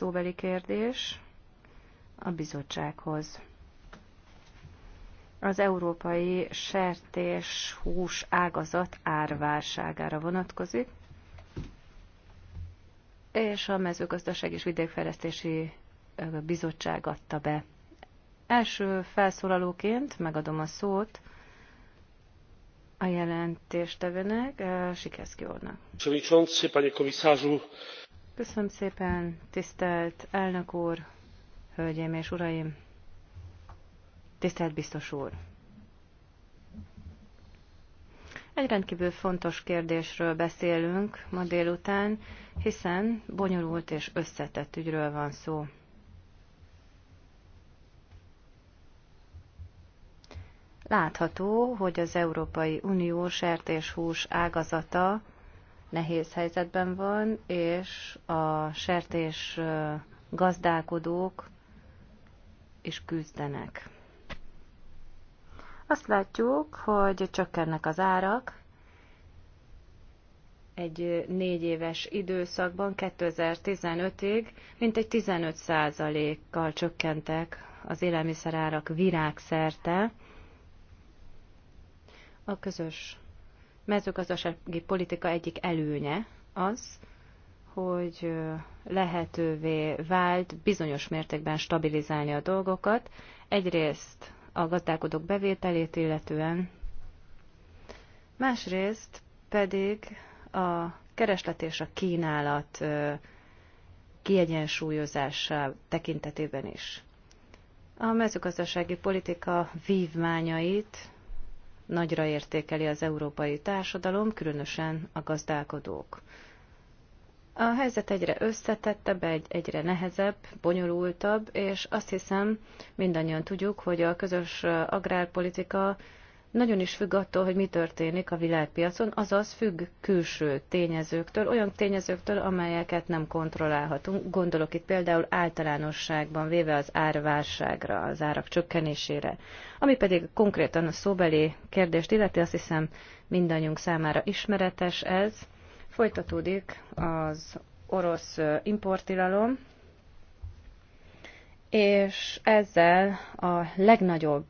szóbeli kérdés a bizottsághoz. Az európai sertés hús ágazat árválságára vonatkozik, és a mezőgazdaság és vidékfejlesztési bizottság adta be. Első felszólalóként megadom a szót a jelentéstevőnek, Sikeszki úrnak. Köszönöm szépen, tisztelt elnök úr, hölgyeim és uraim, tisztelt biztos úr. Egy rendkívül fontos kérdésről beszélünk ma délután, hiszen bonyolult és összetett ügyről van szó. Látható, hogy az Európai Unió sertéshús ágazata nehéz helyzetben van, és a sertés gazdálkodók is küzdenek. Azt látjuk, hogy csökkennek az árak. Egy négy éves időszakban 2015-ig mintegy 15%-kal csökkentek az élelmiszerárak virágszerte. A közös mezőgazdasági politika egyik előnye az, hogy lehetővé vált bizonyos mértékben stabilizálni a dolgokat. Egyrészt a gazdálkodók bevételét illetően, másrészt pedig a kereslet és a kínálat kiegyensúlyozása tekintetében is. A mezőgazdasági politika vívmányait nagyra értékeli az európai társadalom, különösen a gazdálkodók. A helyzet egyre összetettebb, egy, egyre nehezebb, bonyolultabb, és azt hiszem mindannyian tudjuk, hogy a közös agrárpolitika nagyon is függ attól, hogy mi történik a világpiacon, azaz függ külső tényezőktől, olyan tényezőktől, amelyeket nem kontrollálhatunk. Gondolok itt például általánosságban véve az árválságra, az árak csökkenésére. Ami pedig konkrétan a szóbeli kérdést illeti, azt hiszem mindannyiunk számára ismeretes ez. Folytatódik az orosz importtilalom, és ezzel a legnagyobb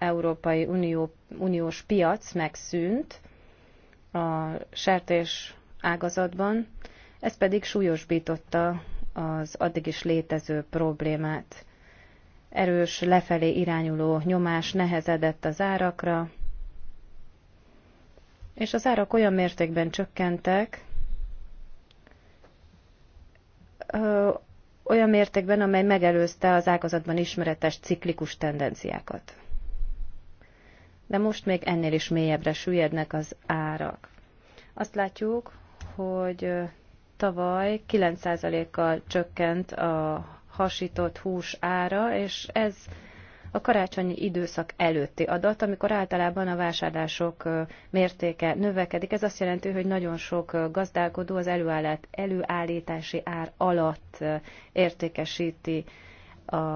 Európai Unió, Uniós piac megszűnt a sertés ágazatban, ez pedig súlyosbította az addig is létező problémát. Erős lefelé irányuló nyomás nehezedett az árakra, és az árak olyan mértékben csökkentek, olyan mértékben, amely megelőzte az ágazatban ismeretes ciklikus tendenciákat de most még ennél is mélyebbre süllyednek az árak. Azt látjuk, hogy tavaly 9%-kal csökkent a hasított hús ára, és ez a karácsonyi időszak előtti adat, amikor általában a vásárlások mértéke növekedik. Ez azt jelenti, hogy nagyon sok gazdálkodó az előállát, előállítási ár alatt értékesíti a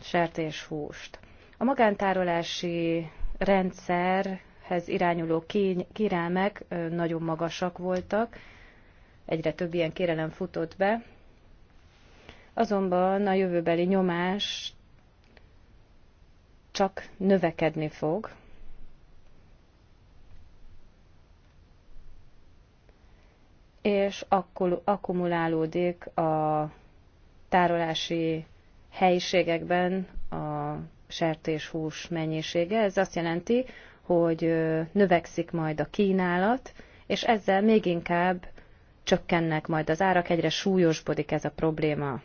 sertéshúst. A magántárolási rendszerhez irányuló kérelmek nagyon magasak voltak, egyre több ilyen kérelem futott be. Azonban a jövőbeli nyomás csak növekedni fog. És akkor akkumulálódik a tárolási helyiségekben a sertéshús mennyisége. Ez azt jelenti, hogy növekszik majd a kínálat, és ezzel még inkább csökkennek majd az árak, egyre súlyosbodik ez a probléma.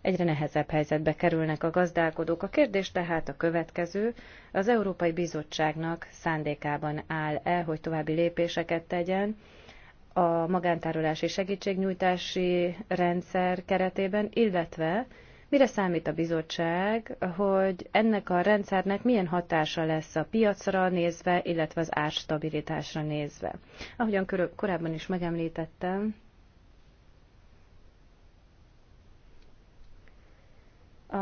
Egyre nehezebb helyzetbe kerülnek a gazdálkodók. A kérdés tehát a következő. Az Európai Bizottságnak szándékában áll-e, hogy további lépéseket tegyen a magántárolási segítségnyújtási rendszer keretében, illetve Mire számít a bizottság, hogy ennek a rendszernek milyen hatása lesz a piacra nézve, illetve az árstabilitásra nézve? Ahogyan korábban is megemlítettem, a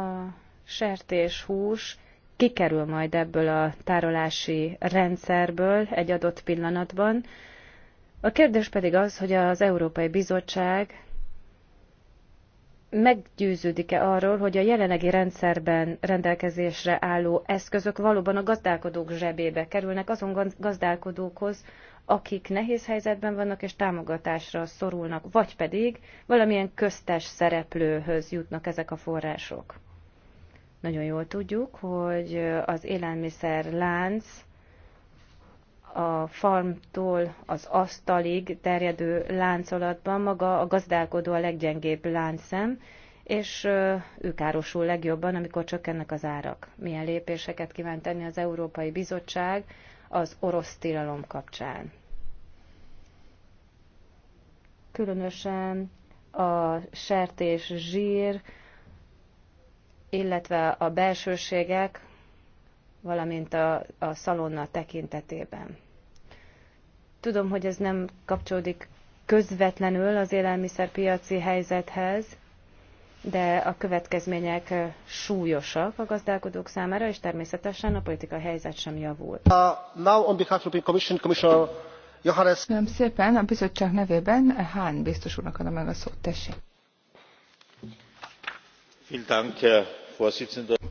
hús kikerül majd ebből a tárolási rendszerből egy adott pillanatban. A kérdés pedig az, hogy az Európai Bizottság meggyőződik-e arról, hogy a jelenlegi rendszerben rendelkezésre álló eszközök valóban a gazdálkodók zsebébe kerülnek azon gazdálkodókhoz, akik nehéz helyzetben vannak és támogatásra szorulnak, vagy pedig valamilyen köztes szereplőhöz jutnak ezek a források. Nagyon jól tudjuk, hogy az élelmiszer lánc a farmtól az asztalig terjedő láncolatban maga a gazdálkodó a leggyengébb láncszem, és ő károsul legjobban, amikor csökkennek az árak. Milyen lépéseket kíván tenni az Európai Bizottság az orosz tilalom kapcsán? Különösen a sertés zsír, illetve a belsőségek, valamint a, a szalonna tekintetében. Tudom, hogy ez nem kapcsolódik közvetlenül az élelmiszerpiaci helyzethez, de a következmények eh, súlyosak a gazdálkodók számára, és természetesen a politikai helyzet sem javul. Uh, Köszönöm szépen, a bizottság nevében Hán biztos úrnak adom meg a szót, tessék.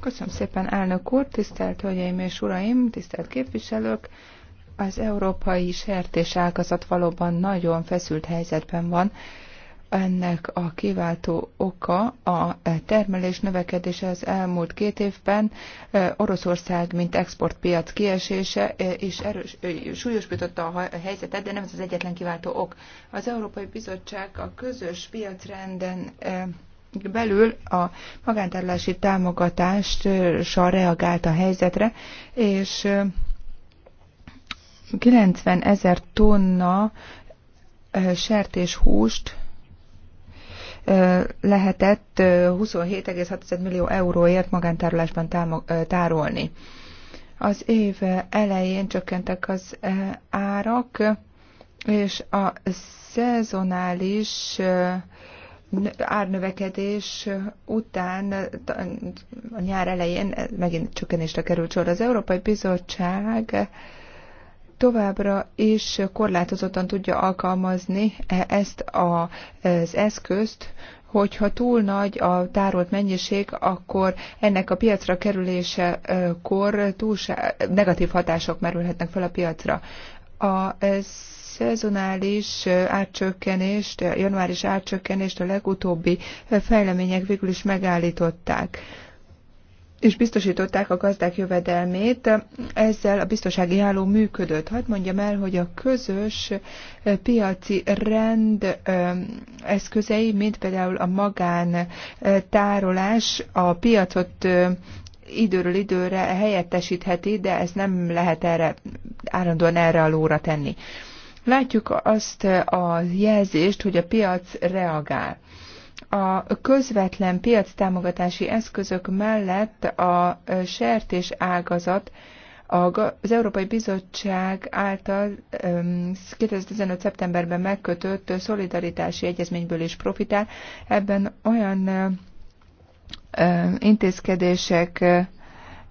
Köszönöm szépen, elnök úr, tisztelt hölgyeim és uraim, tisztelt képviselők! Az európai sertés ágazat valóban nagyon feszült helyzetben van. Ennek a kiváltó oka a termelés növekedése az elmúlt két évben, Oroszország, mint exportpiac kiesése, és erős, súlyosbította a helyzetet, de nem ez az egyetlen kiváltó ok. Az Európai Bizottság a közös piacrenden belül a magántárlási támogatással reagált a helyzetre, és 90 ezer tonna sertéshúst lehetett 27,6 millió euróért magántárolásban tárolni. Az év elején csökkentek az árak, és a szezonális árnövekedés után a nyár elején megint csökkenésre került sor. Az Európai Bizottság továbbra is korlátozottan tudja alkalmazni e- ezt az eszközt, hogyha túl nagy a tárolt mennyiség, akkor ennek a piacra kerülésekor túlsá- negatív hatások merülhetnek fel a piacra. A szezonális átcsökkenést, januáris átcsökkenést a legutóbbi fejlemények végül is megállították és biztosították a gazdák jövedelmét. Ezzel a biztonsági háló működött. Hadd mondjam el, hogy a közös piaci rend eszközei, mint például a magán tárolás, a piacot időről időre helyettesítheti, de ez nem lehet erre állandóan erre a lóra tenni. Látjuk azt a jelzést, hogy a piac reagál. A közvetlen piac támogatási eszközök mellett a sertés ágazat az Európai Bizottság által 2015. szeptemberben megkötött szolidaritási egyezményből is profitál. Ebben olyan intézkedések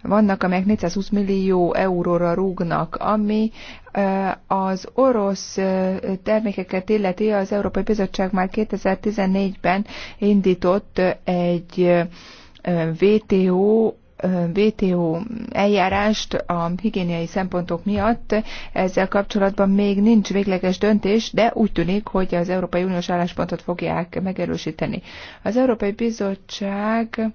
vannak, amelyek 420 millió euróra rúgnak, ami az orosz termékeket illeti, az Európai Bizottság már 2014-ben indított egy VTO WTO eljárást a higiéniai szempontok miatt. Ezzel kapcsolatban még nincs végleges döntés, de úgy tűnik, hogy az Európai Uniós álláspontot fogják megerősíteni. Az Európai Bizottság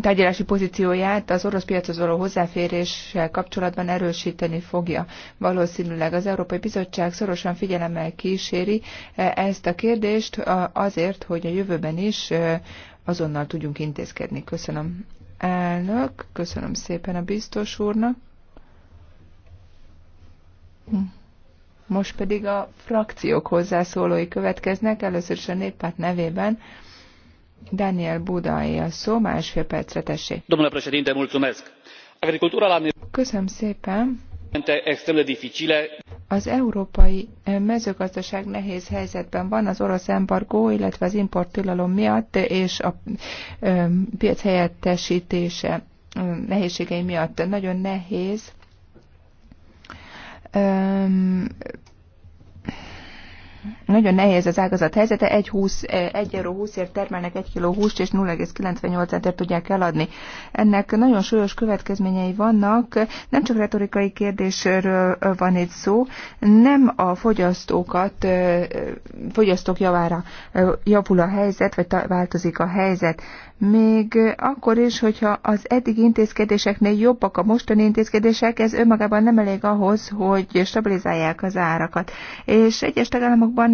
tárgyalási pozícióját az orosz piachoz való hozzáféréssel kapcsolatban erősíteni fogja. Valószínűleg az Európai Bizottság szorosan figyelemmel kíséri eh, ezt a kérdést azért, hogy a jövőben is eh, azonnal tudjunk intézkedni. Köszönöm elnök, köszönöm szépen a biztos úrnak. Hm. Most pedig a frakciók hozzászólói következnek, először is a néppárt nevében. Daniel Budai a szó, másfél percre tessék. Domnule președinte, mulțumesc. Agricultura la Köszönöm szépen. Az európai eh, mezőgazdaság nehéz helyzetben van az orosz embargó, illetve az importtilalom miatt és a eh, piac helyettesítése eh, nehézségei miatt nagyon nehéz nagyon nehéz az ágazat helyzete, 1, húsz, eh, egy euró 20-ért termelnek 1 kiló húst, és 0,98 centért tudják eladni. Ennek nagyon súlyos következményei vannak, nem csak retorikai kérdésről eh, van itt szó, nem a fogyasztókat, eh, fogyasztók javára javul a helyzet, vagy változik a helyzet még akkor is, hogyha az eddig intézkedéseknél jobbak a mostani intézkedések, ez önmagában nem elég ahhoz, hogy stabilizálják az árakat. És egyes tagállamokban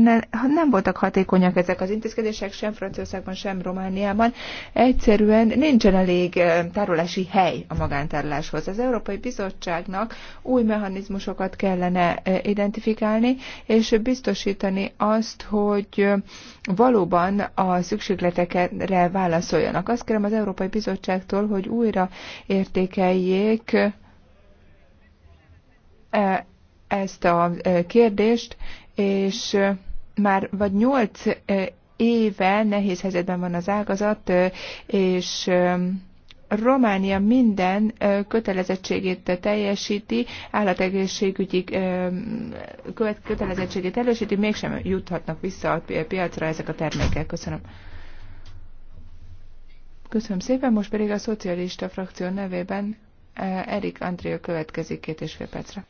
nem voltak hatékonyak ezek az intézkedések, sem Franciaországban, sem Romániában. Egyszerűen nincsen elég tárolási hely a magántároláshoz. Az Európai Bizottságnak új mechanizmusokat kellene identifikálni, és biztosítani azt, hogy valóban a szükségletekre válaszoljon használjanak. Azt kérem az Európai Bizottságtól, hogy újra értékeljék e, ezt a e, kérdést, és már vagy nyolc e, éve nehéz helyzetben van az ágazat, és Románia minden kötelezettségét teljesíti, állategészségügyi kötelezettségét elősíti, mégsem juthatnak vissza a piacra ezek a termékek. Köszönöm. Köszönöm szépen, most pedig a szocialista frakció nevében eh, Erik Andrea következik két és fél percre.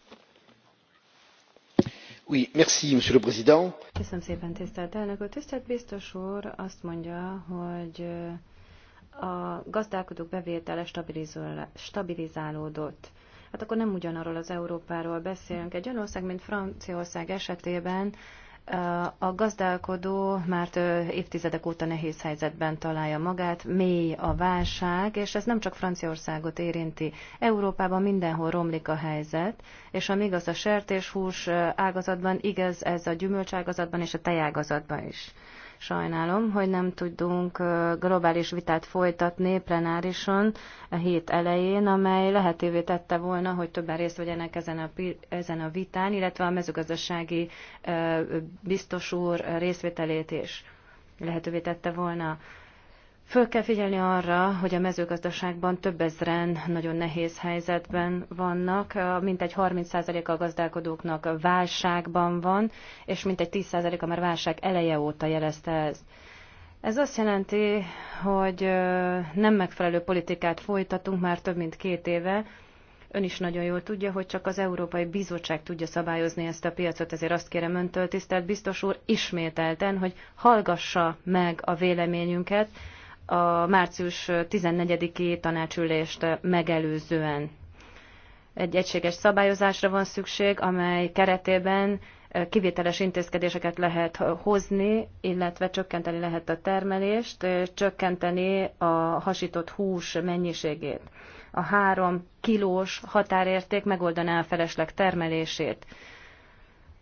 Oui, merci, monsieur le président. Köszönöm szépen, tisztelt elnök úr. Tisztelt biztos úr azt mondja, hogy eh, a gazdálkodók bevétele stabilizálódott. Hát akkor nem ugyanarról az Európáról beszélünk. Egy olyan ország, mint Franciaország esetében a gazdálkodó már évtizedek óta nehéz helyzetben találja magát, mély a válság, és ez nem csak Franciaországot érinti. Európában mindenhol romlik a helyzet, és amíg az a sertéshús ágazatban, igaz ez a gyümölcságazatban és a tejágazatban is. Sajnálom, hogy nem tudunk globális vitát folytatni plenárison a hét elején, amely lehetővé tette volna, hogy többen részt vegyenek ezen a, ezen a vitán, illetve a mezőgazdasági biztos úr részvételét is lehetővé tette volna. Föl kell figyelni arra, hogy a mezőgazdaságban több ezren nagyon nehéz helyzetben vannak, mintegy 30% a gazdálkodóknak válságban van, és mintegy 10%-a már válság eleje óta jelezte ezt. Ez azt jelenti, hogy nem megfelelő politikát folytatunk már több mint két éve, Ön is nagyon jól tudja, hogy csak az Európai Bizottság tudja szabályozni ezt a piacot, ezért azt kérem öntől, tisztelt biztos úr, ismételten, hogy hallgassa meg a véleményünket, a március 14-i tanácsülést megelőzően. Egy egységes szabályozásra van szükség, amely keretében kivételes intézkedéseket lehet hozni, illetve csökkenteni lehet a termelést, csökkenteni a hasított hús mennyiségét. A három kilós határérték megoldaná a felesleg termelését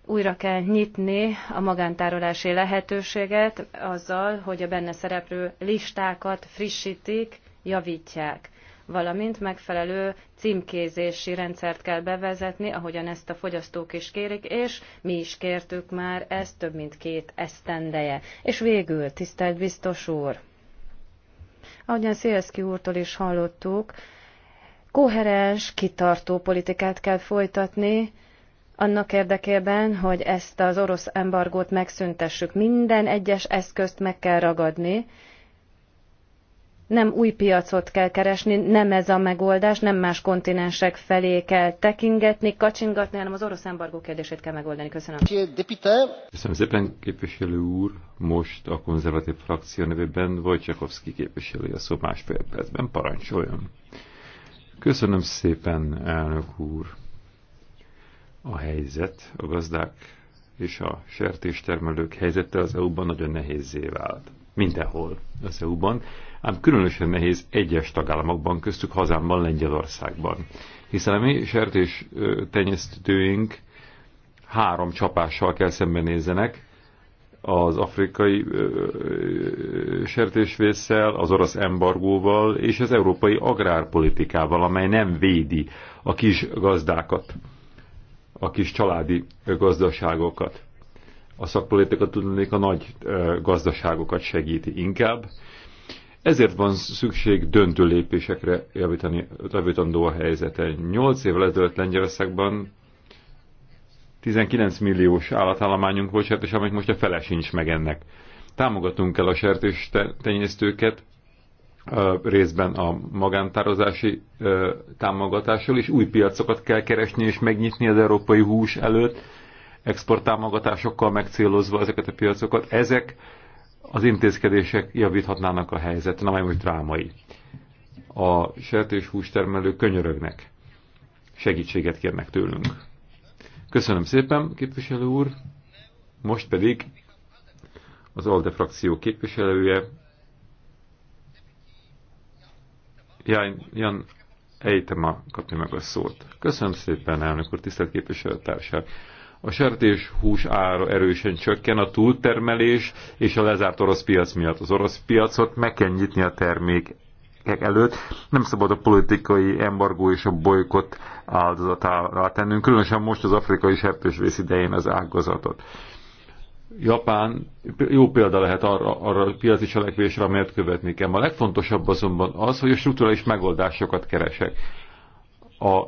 újra kell nyitni a magántárolási lehetőséget azzal, hogy a benne szereplő listákat frissítik, javítják valamint megfelelő címkézési rendszert kell bevezetni, ahogyan ezt a fogyasztók is kérik, és mi is kértük már ezt több mint két esztendeje. És végül, tisztelt biztos úr, ahogyan Szélszki úrtól is hallottuk, koherens, kitartó politikát kell folytatni, annak érdekében, hogy ezt az orosz embargót megszüntessük. Minden egyes eszközt meg kell ragadni, nem új piacot kell keresni, nem ez a megoldás, nem más kontinensek felé kell tekingetni, kacsingatni, hanem az orosz embargó kérdését kell megoldani. Köszönöm. Köszönöm szépen, képviselő úr. Most a konzervatív frakció nevében Wojciechowski képviselő a szó másfél percben. Parancsoljon. Köszönöm szépen, elnök úr a helyzet, a gazdák és a sertéstermelők helyzete az EU-ban nagyon nehézé vált. Mindenhol az EU-ban, ám különösen nehéz egyes tagállamokban, köztük hazámban, Lengyelországban. Hiszen a mi sertés tenyésztőink három csapással kell szembenézzenek, az afrikai sertésvészsel, az orosz embargóval és az európai agrárpolitikával, amely nem védi a kis gazdákat a kis családi gazdaságokat. A szakpolitika tudnék a nagy gazdaságokat segíti inkább. Ezért van szükség döntő lépésekre javítani, javítandó a helyzete. 8 évvel ezelőtt Lengyelországban 19 milliós állatállományunk volt sertés, amelyik most a fele sincs meg ennek. Támogatunk el a sertés részben a magántározási támogatással, és új piacokat kell keresni és megnyitni az európai hús előtt, exporttámogatásokkal megcélozva ezeket a piacokat. Ezek az intézkedések javíthatnának a helyzet, nem most drámai. A sertés hústermelők könyörögnek, segítséget kérnek tőlünk. Köszönöm szépen, képviselő úr. Most pedig az ALDE frakció képviselője, Jan, Jan Ejtema kapja meg a szót. Köszönöm szépen, elnök úr, tisztelt képviselőtársak! A sertés hús ára erősen csökken, a túltermelés és a lezárt orosz piac miatt. Az orosz piacot meg kell nyitni a termék előtt. Nem szabad a politikai embargó és a bolykott áldozatára tennünk, különösen most az afrikai sertésvész idején az ágazatot. Japán jó példa lehet arra, arra a piaci cselekvésre, amelyet követni kell. A legfontosabb azonban az, hogy a strukturális megoldásokat keresek. A,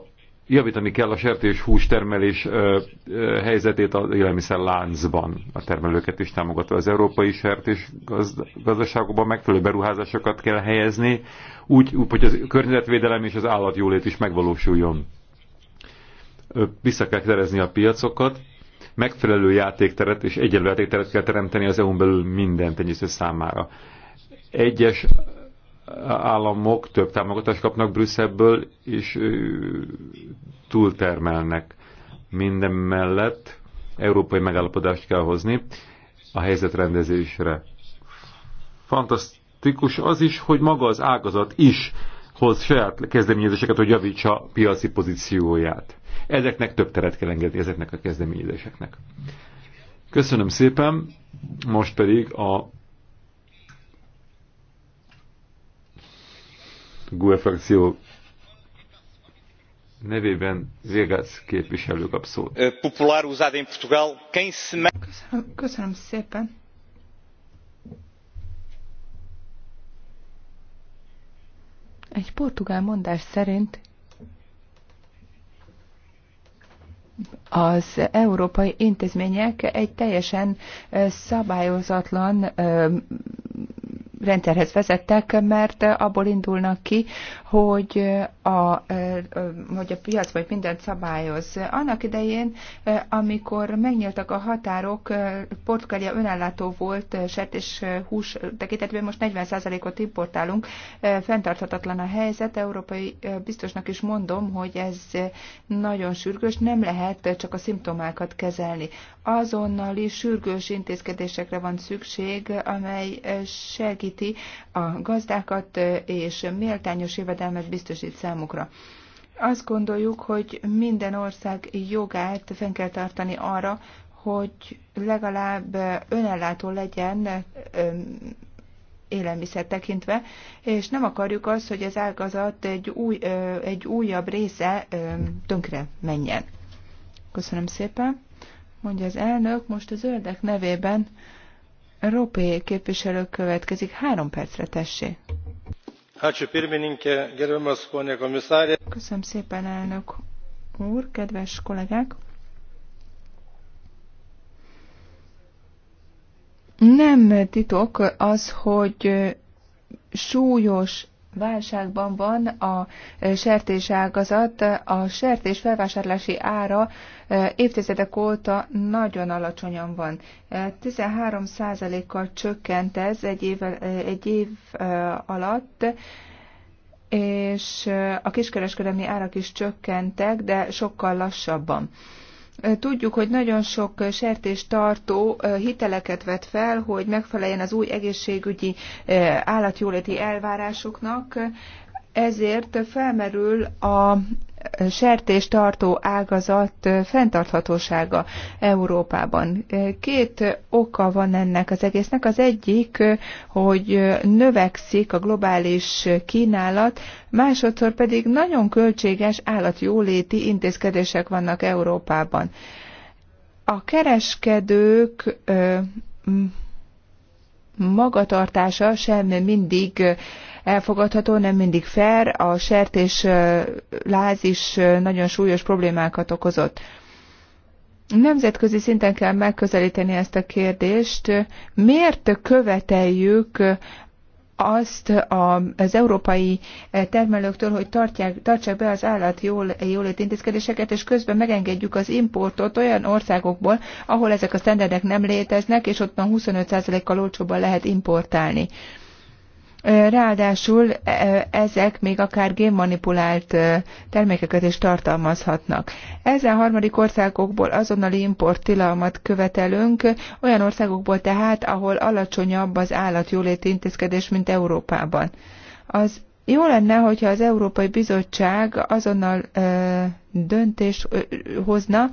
javítani kell a sertés hús termelés ö, ö, helyzetét az élelmiszer láncban. A termelőket is támogatva az európai sertés gazd gazdaságokban megfelelő beruházásokat kell helyezni, úgy, úgy, hogy a környezetvédelem és az állatjólét is megvalósuljon. Vissza kell terezni a piacokat, megfelelő játékteret és egyenlő játékteret kell teremteni az EU-n belül minden tenyésző számára. Egyes államok több támogatást kapnak Brüsszelből, és túltermelnek. Minden mellett európai megállapodást kell hozni a helyzetrendezésre. Fantasztikus az is, hogy maga az ágazat is hoz saját kezdeményezéseket, hogy javítsa piaci pozícióját. Ezeknek több teret kell engedni, ezeknek a kezdeményezéseknek. Köszönöm szépen, most pedig a GUE frakció nevében Végász képviselő kap szót. Eh, popular usada in Portugal, quem se... Köszönöm, köszönöm szépen. Egy portugál mondás szerint az európai intézmények egy teljesen szabályozatlan rendszerhez vezettek, mert abból indulnak ki, hogy a, hogy a piac vagy mindent szabályoz. Annak idején, amikor megnyíltak a határok, Portugália önállátó volt sert és hús tekintetben, most 40%-ot importálunk, fenntarthatatlan a helyzet. Európai biztosnak is mondom, hogy ez nagyon sürgős, nem lehet csak a szimptomákat kezelni azonnali sürgős intézkedésekre van szükség, amely eh, segíti a gazdákat eh, és méltányos jövedelmet biztosít számukra. Azt gondoljuk, hogy minden ország jogát fenn kell tartani arra, hogy legalább eh, önellátó legyen élelmiszer tekintve, és nem akarjuk azt, hogy az ágazat egy, új, egy újabb része tönkre menjen. Köszönöm szépen mondja az elnök, most a zöldek nevében Ropé képviselő következik. Három percre tessé. Köszönöm szépen, elnök úr, kedves kollégák! Nem titok az, hogy súlyos válságban van a e, sertéságazat. A sertés felvásárlási ára e, évtizedek óta nagyon alacsonyan van. 13%-kal e, csökkent ez egy év, egy év alatt és a kiskereskedelmi árak is csökkentek, de sokkal lassabban. Tudjuk, hogy nagyon sok sertéstartó hiteleket vett fel, hogy megfeleljen az új egészségügyi állatjóléti elvárásoknak, ezért felmerül a sertéstartó ágazat fenntarthatósága Európában. Két oka van ennek az egésznek. Az egyik, hogy növekszik a globális kínálat, másodszor pedig nagyon költséges állatjóléti intézkedések vannak Európában. A kereskedők magatartása sem mindig elfogadható, nem mindig fair, a sertés láz is nagyon súlyos problémákat okozott. Nemzetközi szinten kell megközelíteni ezt a kérdést. Miért követeljük azt az európai eh, termelőktől, hogy tartják, tartsák be az állat jól, jólét intézkedéseket, és közben megengedjük az importot olyan országokból, ahol ezek a standardek nem léteznek, és ott már 25%-kal olcsóban lehet importálni. Ráadásul ezek még akár génmanipulált termékeket is tartalmazhatnak. Ezen harmadik országokból azonnali tilalmat követelünk, olyan országokból tehát, ahol alacsonyabb az állatjóléti intézkedés, mint Európában. Az jó lenne, hogyha az Európai Bizottság azonnal ö, döntést ö, hozna,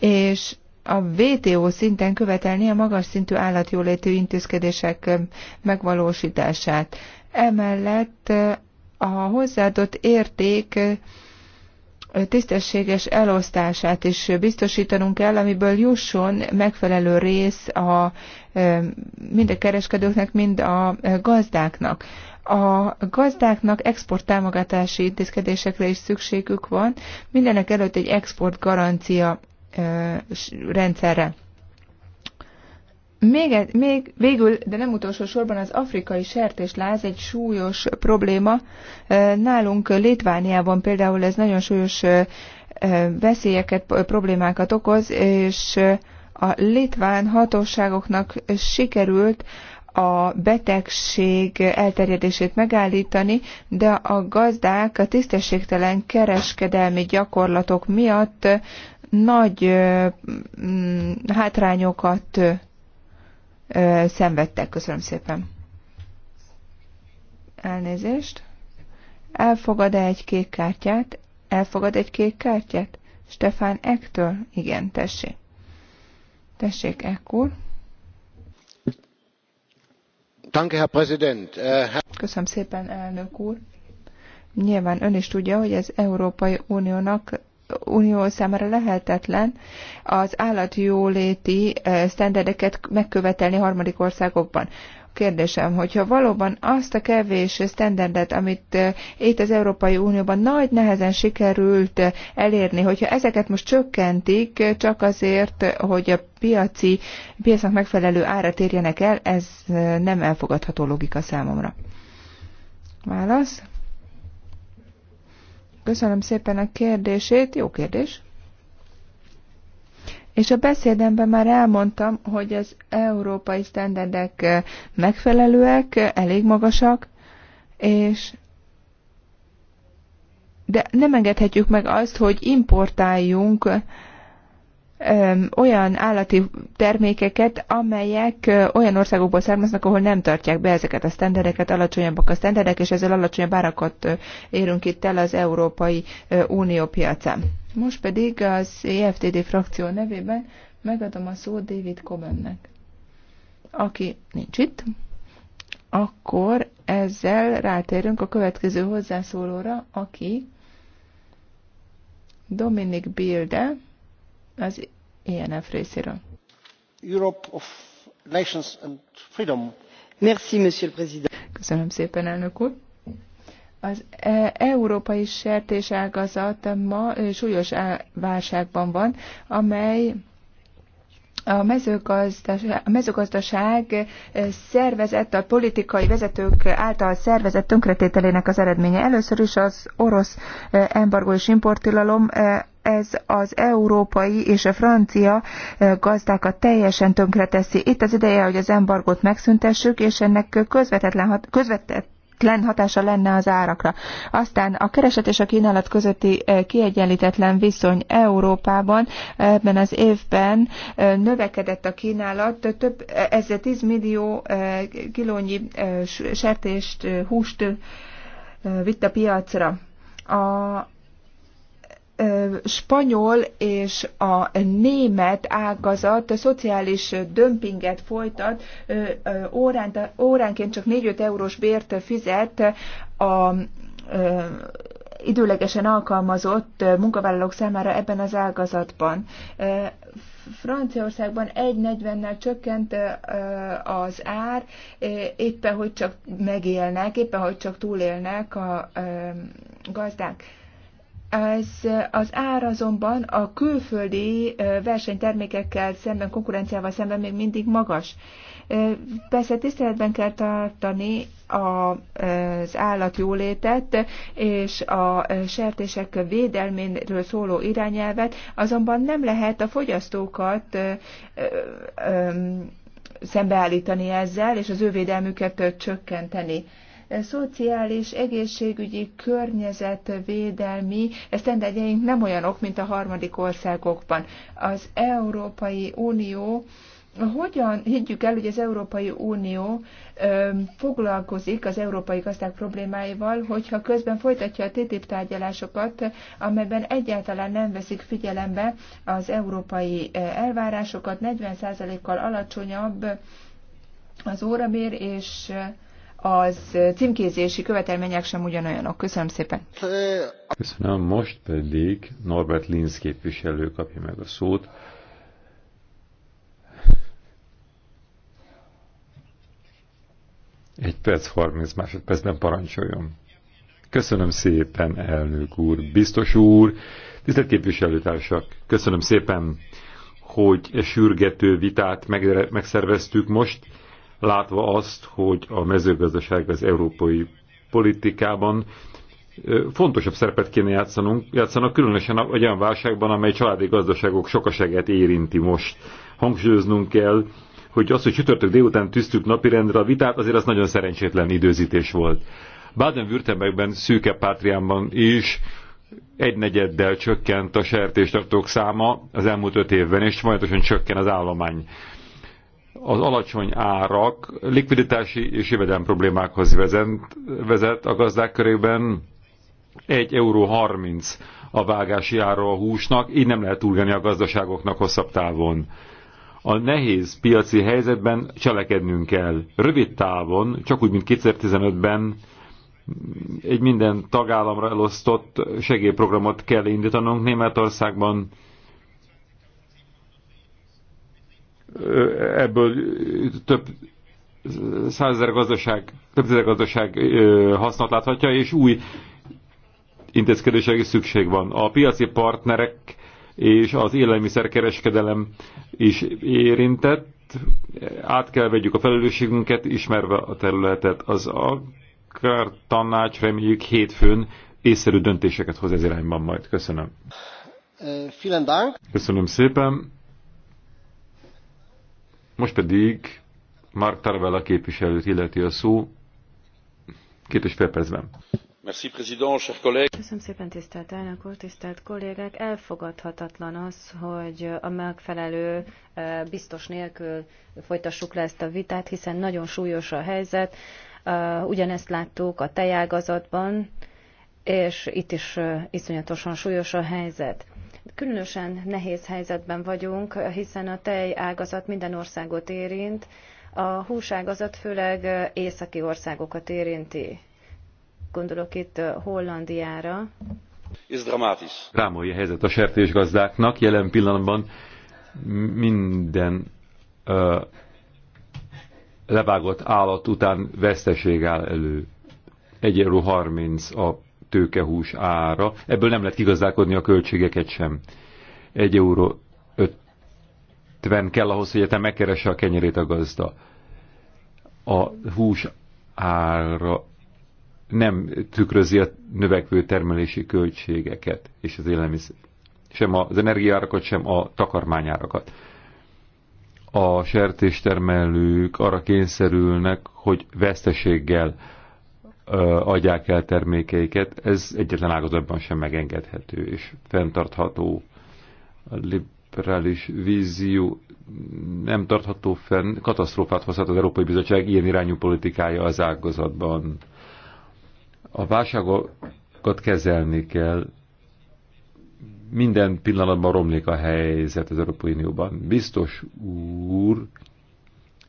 és a WTO szinten követelni a magas szintű állatjólétű intézkedések megvalósítását. Emellett a hozzáadott érték tisztességes elosztását is biztosítanunk kell, amiből jusson megfelelő rész a, mind a kereskedőknek, mind a gazdáknak. A gazdáknak export támogatási intézkedésekre is szükségük van, mindenek előtt egy export garancia rendszerre. Még, e, még végül, de nem utolsó sorban az afrikai sertésláz egy súlyos probléma. Nálunk Létvániában például ez nagyon súlyos veszélyeket, problémákat okoz, és a litván hatóságoknak sikerült a betegség elterjedését megállítani, de a gazdák a tisztességtelen kereskedelmi gyakorlatok miatt nagy mm, hátrányokat szenvedtek. Köszönöm szépen. Elnézést. Elfogad-e egy kék kártyát? Elfogad egy kék kártyát? Stefán Ektől? Igen, tessék. Tessék, Ekkor. Äh, Köszönöm szépen, elnök úr. Nyilván ön is tudja, hogy az Európai Uniónak Unió számára lehetetlen az állatjóléti eh, sztenderdeket megkövetelni harmadik országokban kérdésem, hogyha valóban azt a kevés sztenderdet, amit eh, itt az Európai Unióban nagy nehezen sikerült eh, elérni, hogyha ezeket most csökkentik, csak azért, hogy a piaci, piacnak megfelelő ára térjenek el, ez nem elfogadható logika számomra. Válasz? Köszönöm szépen a kérdését, jó kérdés. És a beszédemben már elmondtam, hogy az európai standardek eh, megfelelőek, eh, elég magasak, és de nem engedhetjük meg azt, hogy importáljunk olyan állati termékeket, amelyek olyan országokból származnak, ahol nem tartják be ezeket a sztendereket, alacsonyabbak a sztenderek, és ezzel alacsonyabb árakat érünk itt el az Európai Unió piacán. Most pedig az EFTD frakció nevében megadom a szót David Cobennek. Aki nincs itt, akkor ezzel rátérünk a következő hozzászólóra, aki Dominik Bilde, az INF e részéről. Köszönöm szépen, elnök úr. Az e- európai sertéságazat ma súlyos válságban van, amely a mezőgazdaság, a mezőgazdaság szervezett, a politikai vezetők által szervezett tönkretételének az eredménye. Először is az orosz embargó és importtilalom ez az európai és a francia gazdákat teljesen tönkreteszi. Itt az ideje, hogy az embargót megszüntessük, és ennek közvetetlen, hat, közvetett hatása lenne az árakra. Aztán a kereset és a kínálat közötti kiegyenlítetlen viszony Európában ebben az évben növekedett a kínálat, több, ez 10 millió kilónyi sertést, húst vitt a piacra. A spanyol és a német ágazat a szociális dömpinget folytat, óránként csak 4-5 eurós bért fizet a időlegesen alkalmazott munkavállalók számára ebben az ágazatban. Franciaországban 1,40-nel csökkent az ár, éppen hogy csak megélnek, éppen hogy csak túlélnek a gazdák ez az ár azonban a külföldi versenytermékekkel szemben, konkurenciával szemben még mindig magas. Persze tiszteletben kell tartani az állatjólétet és a sertések védelméről szóló irányelvet, azonban nem lehet a fogyasztókat szembeállítani ezzel, és az ő védelmüket csökkenteni szociális, egészségügyi, környezetvédelmi sztenderdjeink nem olyanok, mint a harmadik országokban. Az Európai Unió hogyan higgyük el, hogy az Európai Unió ö, foglalkozik az európai gazdák problémáival, hogyha közben folytatja a TTIP tárgyalásokat, amelyben egyáltalán nem veszik figyelembe az európai elvárásokat, 40%-kal alacsonyabb az óramér, és az címkézési követelmények sem ugyanolyanok. Köszönöm szépen. Köszönöm. Most pedig Norbert Linz képviselő kapja meg a szót. Egy perc, 30 másodperc, nem parancsoljon. Köszönöm szépen, elnök úr, biztos úr, tisztelt képviselőtársak, köszönöm szépen, hogy e sürgető vitát megszerveztük most látva azt, hogy a mezőgazdaság az európai politikában fontosabb szerepet kéne játszanunk, játszanak, különösen egy olyan válságban, amely családi gazdaságok sokaságát érinti most. Hangsúlyoznunk kell, hogy az, hogy csütörtök délután tűztük napirendre a vitát, azért az nagyon szerencsétlen időzítés volt. Baden-Württembergben, szűke pátriámban is egy negyeddel csökkent a sertéstartók száma az elmúlt öt évben, és folyamatosan csökken az állomány az alacsony árak likviditási és jövedelmi problémákhoz vezet, vezet a gazdák körében. 1,30 euró a vágási ára a húsnak, így nem lehet túlgani a gazdaságoknak hosszabb távon. A nehéz piaci helyzetben cselekednünk kell. Rövid távon, csak úgy, mint 2015-ben egy minden tagállamra elosztott segélyprogramot kell indítanunk Németországban, ebből több százezer gazdaság, több tízezer gazdaság hasznot láthatja, és új intézkedésekre is szükség van. A piaci partnerek és az élelmiszerkereskedelem is érintett. Át kell vegyük a felelősségünket, ismerve a területet. Az akár tanács reméljük hétfőn észszerű döntéseket hoz ez irányban majd. Köszönöm. Köszönöm szépen. Most pedig Mark Tarvella képviselőt illeti a szó. Két és fél percben. Köszönöm szépen, tisztelt elnök úr, tisztelt kollégák! Elfogadhatatlan az, hogy a megfelelő eh, biztos nélkül folytassuk le ezt a vitát, hiszen nagyon súlyos a helyzet. Eh, ugyanezt láttuk a tejágazatban, és itt is eh, iszonyatosan súlyos a helyzet. Különösen nehéz helyzetben vagyunk, hiszen a tej ágazat minden országot érint, a húságazat főleg északi országokat érinti. Gondolok itt Hollandiára. Ez dramatis. Drámai a helyzet a sertésgazdáknak. Jelen pillanatban minden ö, levágott állat után veszteség áll elő. 1,30 a tőkehús ára. Ebből nem lehet kigazdálkodni a költségeket sem. Egy euró 50 kell ahhoz, hogy te megkeresse a kenyerét a gazda. A hús ára nem tükrözi a növekvő termelési költségeket és az élelmiszer. Sem az energiárakat, sem a takarmányárakat. A sertéstermelők arra kényszerülnek, hogy veszteséggel adják el termékeiket, ez egyetlen ágazatban sem megengedhető és fenntartható. A liberális vízió nem tartható fenn, katasztrófát hozhat az Európai Bizottság ilyen irányú politikája az ágazatban. A válságokat kezelni kell, minden pillanatban romlik a helyzet az Európai Unióban. Biztos úr,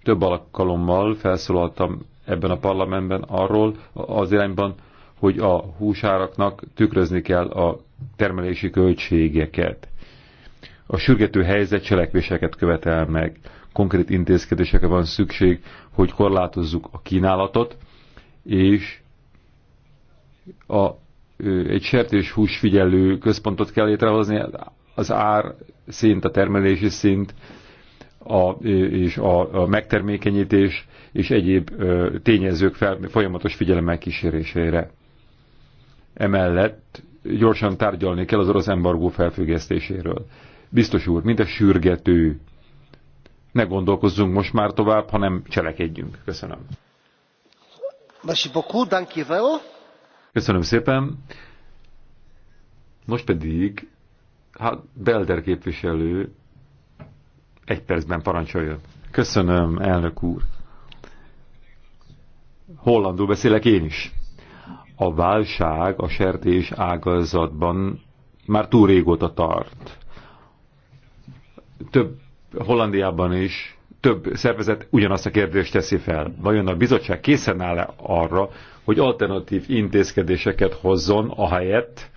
több alkalommal felszólaltam ebben a parlamentben arról az irányban, hogy a húsáraknak tükrözni kell a termelési költségeket. A sürgető helyzet cselekvéseket követel meg. Konkrét intézkedésekre van szükség, hogy korlátozzuk a kínálatot, és a, egy sertéshús figyelő központot kell létrehozni, az ár szint, a termelési szint, a, és a, a megtermékenyítés és egyéb ö, tényezők fel, folyamatos figyelemmel kísérésére. Emellett gyorsan tárgyalni kell az orosz embargó felfüggesztéséről. Biztos úr, mint a sürgető. Ne gondolkozzunk most már tovább, hanem cselekedjünk. Köszönöm. Köszönöm szépen. Most pedig, hát Belder képviselő egy percben parancsoljon. Köszönöm, elnök úr. Hollandul beszélek én is. A válság a sertés ágazatban már túl régóta tart. Több Hollandiában is több szervezet ugyanazt a kérdést teszi fel. Vajon a bizottság készen áll-e arra, hogy alternatív intézkedéseket hozzon ahelyett,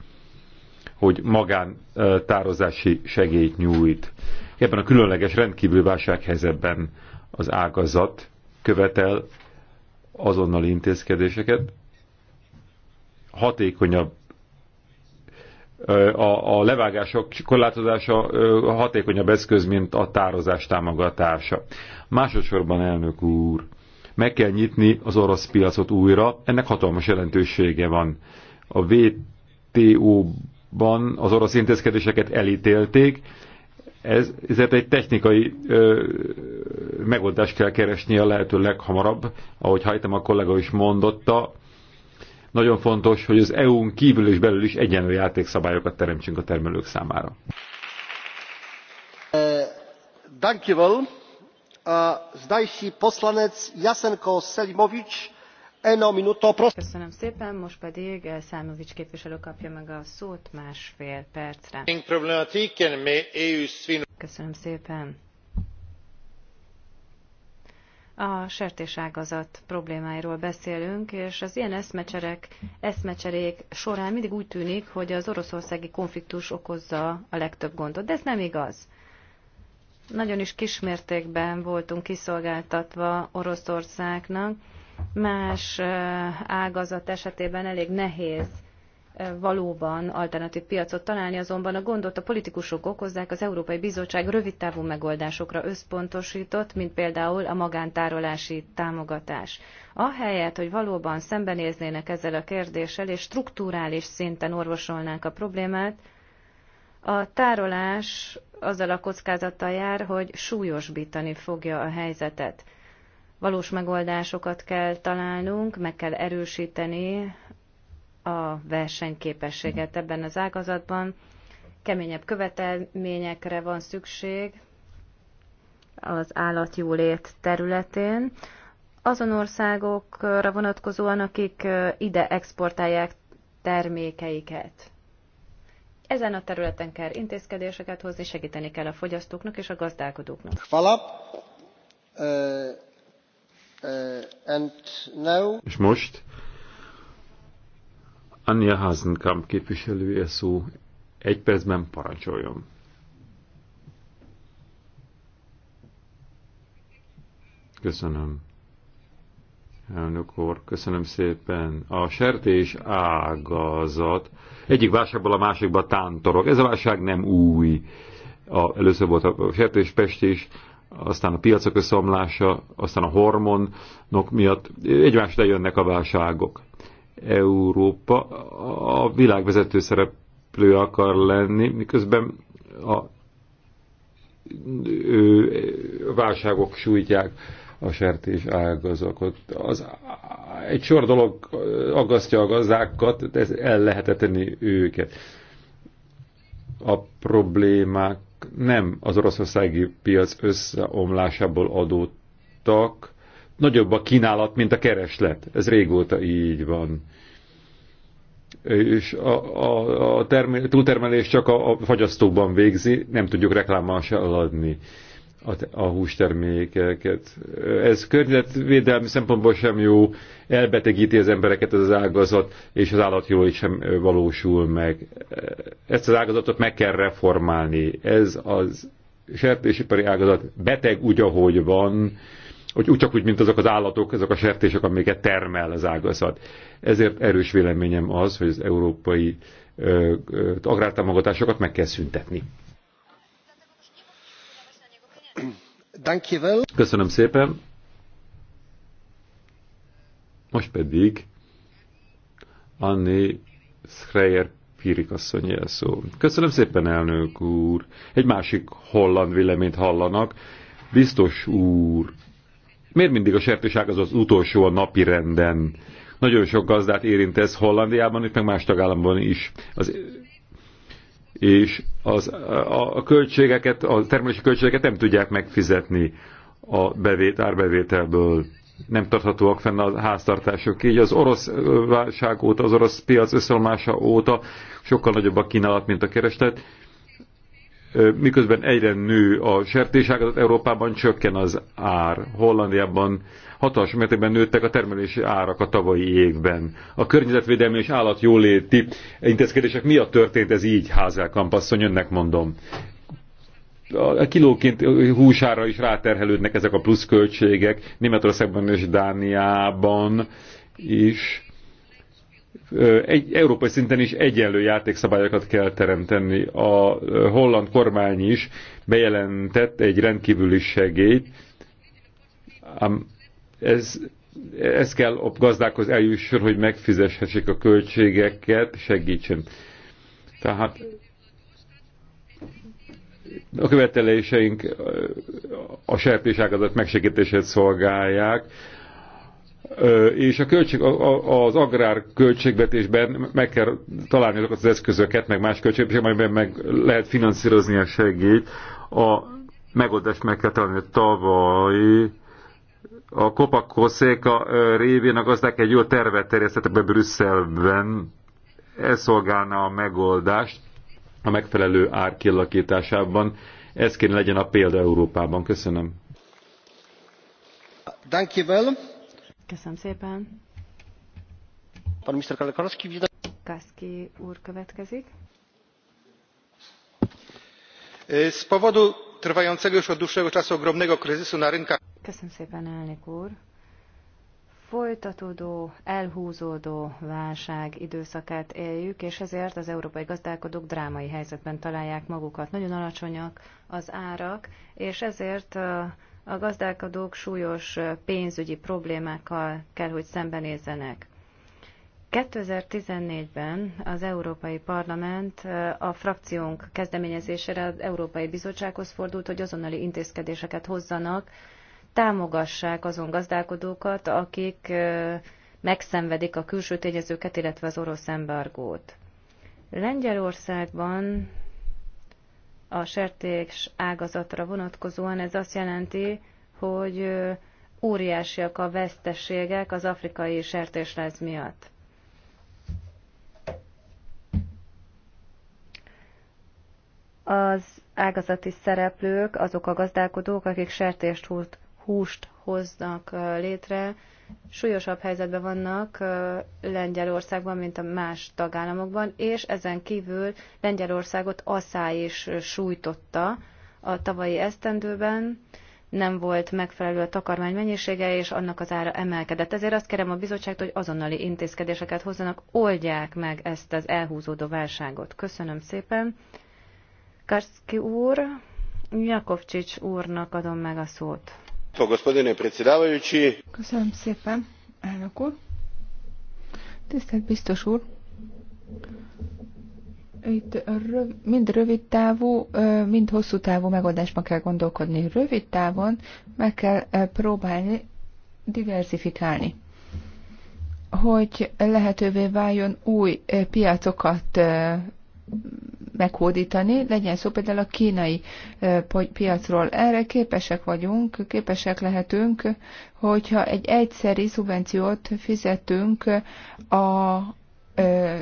hogy magántározási segélyt nyújt? Ebben a különleges rendkívül válsághelyzetben az ágazat követel azonnali intézkedéseket, hatékonyabb a, a levágások korlátozása hatékonyabb eszköz, mint a tározás támogatása. Másodszorban, elnök úr, meg kell nyitni az orosz piacot újra, ennek hatalmas jelentősége van. A WTO-ban az orosz intézkedéseket elítélték, ez, ezért egy technikai ö, megoldást kell keresni a lehető leghamarabb, ahogy hajtam a kollega is mondotta. Nagyon fontos, hogy az EU-n kívül és belül is egyenlő játékszabályokat teremtsünk a termelők számára. Dankjewel. Zdaj si poslanec Jasenko Selimovics Eh, Köszönöm szépen, most pedig eh, Számovics képviselő kapja meg a szót másfél percre. Köszönöm szépen. A sertéságazat problémáiról beszélünk, és az ilyen eszmecserek, eszmecserék során mindig úgy tűnik, hogy az oroszországi konfliktus okozza a legtöbb gondot, de ez nem igaz nagyon is kismértékben voltunk kiszolgáltatva Oroszországnak, Más ágazat esetében elég nehéz valóban alternatív piacot találni, azonban a gondot a politikusok okozzák, az Európai Bizottság rövidtávú megoldásokra összpontosított, mint például a magántárolási támogatás. Ahelyett, hogy valóban szembenéznének ezzel a kérdéssel, és strukturális szinten orvosolnák a problémát, a tárolás azzal a kockázattal jár, hogy súlyosbítani fogja a helyzetet. Valós megoldásokat kell találnunk, meg kell erősíteni a versenyképességet ebben az ágazatban. Keményebb követelményekre van szükség az állatjólét területén. Azon országokra vonatkozóan, akik ide exportálják termékeiket. Ezen a területen kell intézkedéseket hozni, segíteni kell a fogyasztóknak és a gazdálkodóknak. Köszönöm. Uh, és most Anja Hasenkamp képviselője szó egy percben parancsoljon. Köszönöm. Elnök úr, köszönöm szépen. A sertés ágazat egyik válságból a másikba tántorok. Ez a válság nem új. A, először volt a sertés is, aztán a piacok összeomlása, aztán a hormonok miatt egymásra jönnek a válságok. Európa a világvezető szereplő akar lenni, miközben a ő, válságok sújtják a sertés ágazokat. Az, egy sor dolog aggasztja a gazdákat, de ez el leheteteni őket. A problémák nem az oroszországi piac összeomlásából adódtak, nagyobb a kínálat, mint a kereslet. Ez régóta így van. És a, a, a termel, túltermelés csak a, a fagyasztóban végzi, nem tudjuk reklámmal se eladni a, a hústermékeket. Ez környezetvédelmi szempontból sem jó, elbetegíti az embereket ez az ágazat, és az állatjólét sem valósul meg. Ezt az ágazatot meg kell reformálni. Ez az sertésipari ágazat beteg úgy, ahogy van, hogy úgy csak úgy, mint azok az állatok, azok a sertések, amiket termel az ágazat. Ezért erős véleményem az, hogy az európai ö, ö, agrártámogatásokat meg kell szüntetni. Köszönöm szépen. Most pedig Anni Schreier Pirik asszony szó. Köszönöm szépen, elnök úr. Egy másik holland véleményt hallanak. Biztos úr, miért mindig a sertőság az az utolsó a napi renden? Nagyon sok gazdát érint ez Hollandiában, itt meg más tagállamban is. Az és az, a, a költségeket, a termelési költségeket nem tudják megfizetni a bevét, árbevételből. Nem tarthatóak fenn a háztartások. Így az orosz válság óta, az orosz piac összeomlása óta sokkal nagyobb a kínálat, mint a kereslet. Miközben egyre nő a sertéságot, Európában csökken az ár. Hollandiában hatalmas mértékben nőttek a termelési árak a tavalyi évben. A környezetvédelmi és állatjóléti intézkedések miatt történt ez így, Házel Kampasszony, önnek mondom a kilóként húsára is ráterhelődnek ezek a pluszköltségek, Németországban és Dániában is. Egy, európai szinten is egyenlő játékszabályokat kell teremteni. A holland kormány is bejelentett egy rendkívüli segélyt, ez, ez kell a gazdákhoz eljusson, hogy megfizeshessék a költségeket, segítsen. Tehát a követeléseink a ágazat megsegítését szolgálják, és a költség, az agrár költségvetésben meg kell találni azokat az eszközöket, meg más költségvetések, amelyben meg lehet finanszírozni a segélyt. A megoldást meg kell találni a tavaly a Kopakó révén a gazdák egy jó tervet terjesztettek be Brüsszelben. Ez szolgálna a megoldást a megfelelő ár kilakításában. Ez kéne legyen a példa Európában. Köszönöm. Köszönöm szépen. Pan Mr. Kalekarski. Kaszki úr következik. Z powodu trwającego już od dłuższego czasu ogromnego kryzysu na rynkach Köszönöm szépen, elnök úr. Folytatódó, elhúzódó válság időszakát éljük, és ezért az európai gazdálkodók drámai helyzetben találják magukat. Nagyon alacsonyak az árak, és ezért a gazdálkodók súlyos pénzügyi problémákkal kell, hogy szembenézzenek. 2014-ben az Európai Parlament a frakciónk kezdeményezésére az Európai Bizottsághoz fordult, hogy azonnali intézkedéseket hozzanak támogassák azon gazdálkodókat, akik megszenvedik a külső tényezőket, illetve az orosz embargót. Lengyelországban a sertés ágazatra vonatkozóan ez azt jelenti, hogy óriásiak a veszteségek az afrikai sertéslez miatt. Az ágazati szereplők azok a gazdálkodók, akik sertést húz, húst hoznak létre, súlyosabb helyzetben vannak Lengyelországban, mint a más tagállamokban, és ezen kívül Lengyelországot aszá is sújtotta a tavalyi esztendőben, nem volt megfelelő a takarmány mennyisége, és annak az ára emelkedett. Ezért azt kérem a bizottságtól, hogy azonnali intézkedéseket hozzanak, oldják meg ezt az elhúzódó válságot. Köszönöm szépen. Karszki úr, Jakovcsics úrnak adom meg a szót gospodine predsjedavajući tisztelt biztos úr itt röv, mind rövid távú, mind hosszú távú megoldásban kell gondolkodni. Rövid távon meg kell próbálni diversifikálni, hogy lehetővé váljon új piacokat meghódítani, legyen szó például a kínai piacról. Erre képesek vagyunk, képesek lehetünk, hogyha egy egyszeri szubvenciót fizetünk a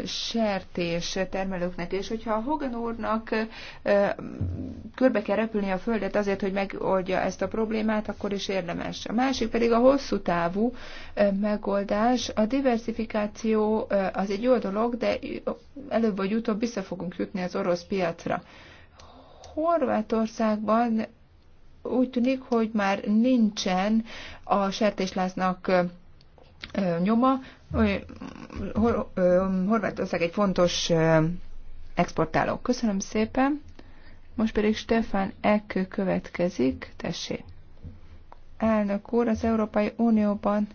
sertés termelőknek, és hogyha a Hogan úrnak körbe kell repülni a földet azért, hogy megoldja ezt a problémát, akkor is érdemes. A másik pedig a hosszú távú megoldás. A diversifikáció az egy jó dolog, de előbb vagy utóbb vissza fogunk jutni az orosz piacra. Horvátországban úgy tűnik, hogy már nincsen a sertéslásznak nyoma. Horvátország egy fontos exportáló. Köszönöm szépen. Most pedig Stefan Ek következik. Tessék elnök úr, az Európai Unióban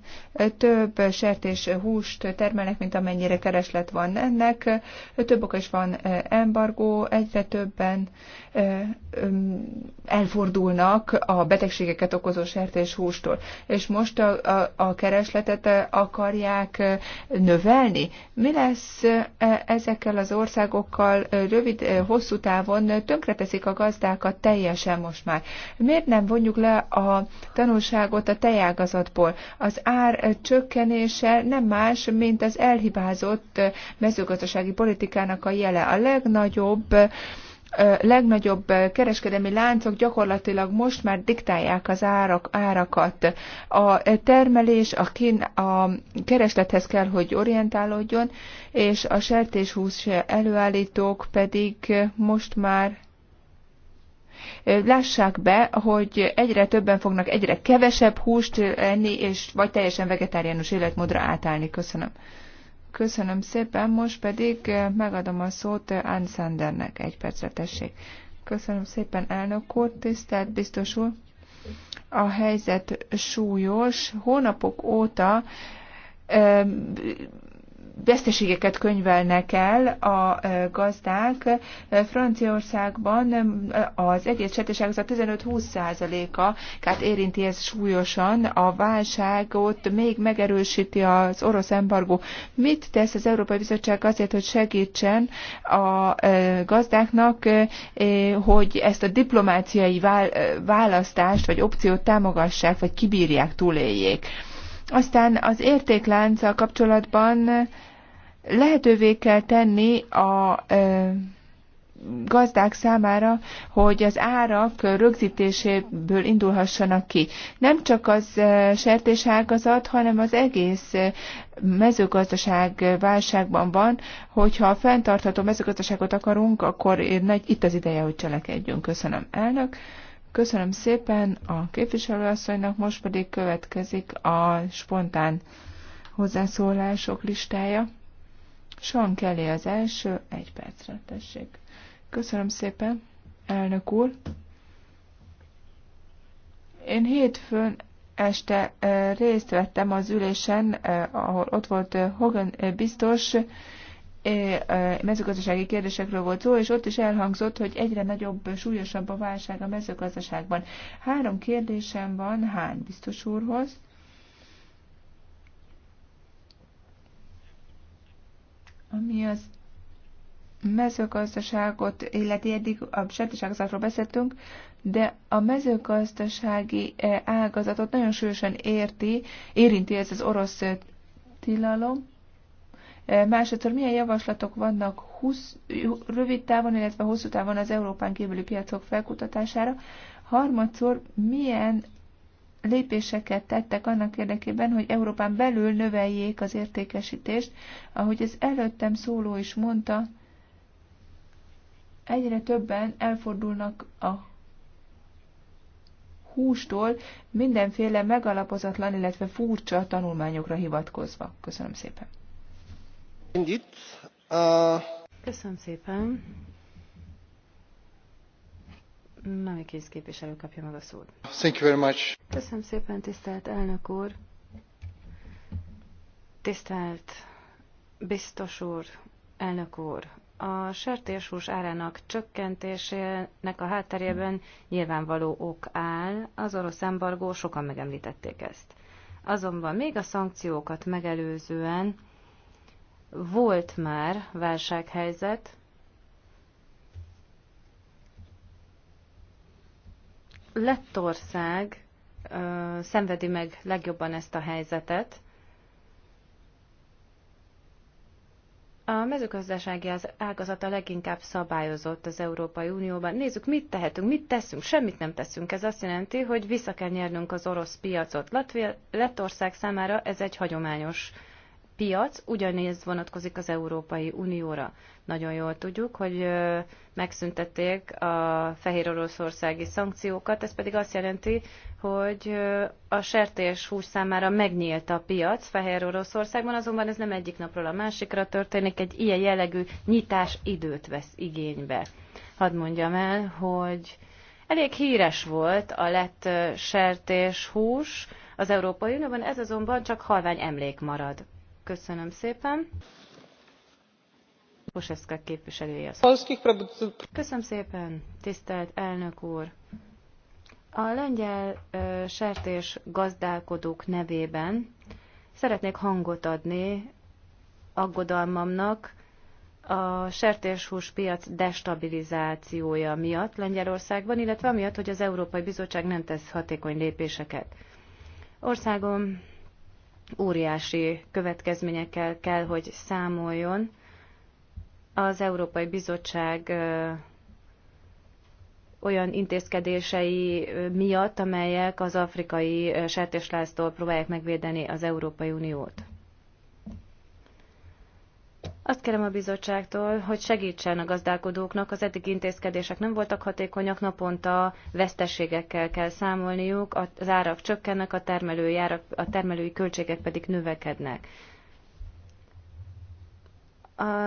több sertés húst termelnek, mint amennyire kereslet van ennek. Több oka is van embargó, egyre többen elfordulnak a betegségeket okozó sertés hústól. És most a, a, a keresletet akarják növelni. Mi lesz ezekkel az országokkal rövid, hosszú távon? Tönkreteszik a gazdákat teljesen most már. Miért nem vonjuk le a tanul tanulságot a tejágazatból. Az ár csökkenése nem más, mint az elhibázott mezőgazdasági politikának a jele. A legnagyobb legnagyobb kereskedelmi láncok gyakorlatilag most már diktálják az árak, árakat. A termelés a, kín, a kereslethez kell, hogy orientálódjon, és a sertéshús előállítók pedig most már lássák be, hogy egyre többen fognak egyre kevesebb húst enni, és vagy teljesen vegetáriánus életmódra átállni. Köszönöm. Köszönöm szépen, most pedig megadom a szót Ann Sandernek. Egy percre tessék. Köszönöm szépen, elnök úr, tisztelt biztos úr. A helyzet súlyos. Hónapok óta veszteségeket könyvelnek el a e, gazdák. E, Franciaországban e, az egész a 15 20 tehát érinti ez súlyosan. A válságot még megerősíti az orosz embargó. Mit tesz az Európai Bizottság azért, hogy segítsen a gazdáknak, hogy ezt a diplomáciai választást vagy opciót támogassák, vagy kibírják, túléljék? Aztán az értéklánccal kapcsolatban lehetővé kell tenni a gazdák számára, hogy az árak rögzítéséből indulhassanak ki. Nem csak az sertéságazat, hanem az egész mezőgazdaság válságban van, hogyha a fenntartható mezőgazdaságot akarunk, akkor nagy, itt az ideje, hogy cselekedjünk. Köszönöm, elnök. Köszönöm szépen a képviselőasszonynak, most pedig következik a spontán hozzászólások listája. Sean Kelly az első, egy percre tessék. Köszönöm szépen, elnök úr. Én hétfőn este eh, részt vettem az ülésen, eh, ahol ott volt eh, Hogan biztos, mezőgazdasági kérdésekről volt szó, és ott is elhangzott, hogy egyre nagyobb, súlyosabb a válság a mezőgazdaságban. Három kérdésem van Hán biztos úrhoz. Ami az mezőgazdaságot, illeti eddig a sertéságazatról beszéltünk, de a mezőgazdasági eh, ágazatot nagyon sűrűsen érti, érinti ez az orosz eh, tilalom. Eh, másodszor milyen javaslatok vannak 20, rövid távon, illetve hosszú távon az Európán kívüli piacok felkutatására? Harmadszor milyen lépéseket tettek annak érdekében, hogy Európán belül növeljék az értékesítést. Ahogy az előttem szóló is mondta, egyre többen elfordulnak a hústól mindenféle megalapozatlan, illetve furcsa tanulmányokra hivatkozva. Köszönöm szépen. Köszönöm szépen. Mamikis képviselő kapja meg a szót. Thank you very much. Köszönöm szépen, tisztelt elnök úr. Tisztelt biztos úr, elnök úr, a sertéshús árának csökkentésének a hátterében nyilvánvaló ok áll, az orosz embargó, sokan megemlítették ezt. Azonban még a szankciókat megelőzően volt már válsághelyzet, Lettország ö, szenvedi meg legjobban ezt a helyzetet. A mezőgazdasági az ágazata leginkább szabályozott az Európai Unióban. Nézzük, mit tehetünk, mit teszünk, semmit nem teszünk. Ez azt jelenti, hogy vissza kell nyernünk az orosz piacot. Latvia, Lettország számára ez egy hagyományos uh, piac, ugyanéz vonatkozik az Európai Unióra. Nagyon jól tudjuk, hogy megszüntették a fehér oroszországi szankciókat, ez pedig azt jelenti, hogy a sertés hús számára megnyílt a piac fehér oroszországban, azonban ez nem egyik napról a másikra történik, egy ilyen jellegű nyitás időt vesz igénybe. Hadd mondjam el, hogy elég híres volt a lett sertés hús, az Európai Unióban ez azonban csak halvány emlék marad. Köszönöm szépen. Boseszka képviselője. Köszönöm szépen, tisztelt elnök úr. A lengyel ö, sertés gazdálkodók nevében szeretnék hangot adni aggodalmamnak a sertéshús piac destabilizációja miatt Lengyelországban, illetve amiatt, hogy az Európai Bizottság nem tesz hatékony lépéseket. Országom óriási következményekkel kell, hogy számoljon. Az Európai Bizottság olyan intézkedései miatt, amelyek az afrikai sertéslásztól próbálják megvédeni az Európai Uniót. Azt kérem a bizottságtól, hogy segítsen a gazdálkodóknak, az eddig intézkedések nem voltak hatékonyak, naponta veszteségekkel kell számolniuk, az árak csökkennek, a termelői, árak, a termelői költségek pedig növekednek.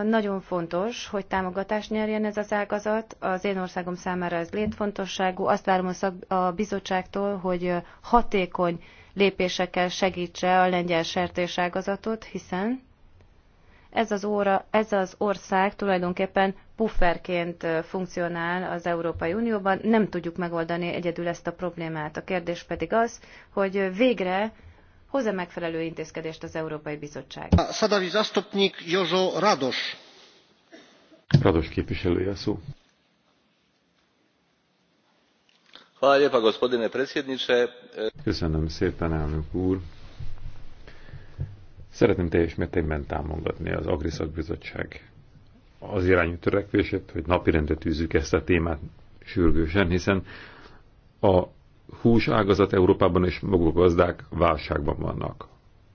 nagyon fontos, hogy támogatást nyerjen ez az ágazat. Az én országom számára ez létfontosságú. Azt várom a, szak, a bizottságtól, hogy hatékony lépésekkel segítse a lengyel sertéságazatot, hiszen ez az, óra, ez az ország tulajdonképpen pufferként funkcionál az Európai Unióban. Nem tudjuk megoldani egyedül ezt a problémát. A kérdés pedig az, hogy végre hozza megfelelő intézkedést az Európai Bizottság. Szadavi Zastopnik Józsó Rados. Rados képviselője a szó. Köszönöm szépen, elnök úr. Szeretném teljes mértékben támogatni az Agriszak Bizottság az irányú törekvését, hogy napirendre tűzzük ezt a témát sürgősen, hiszen a hús ágazat Európában és maguk gazdák válságban vannak.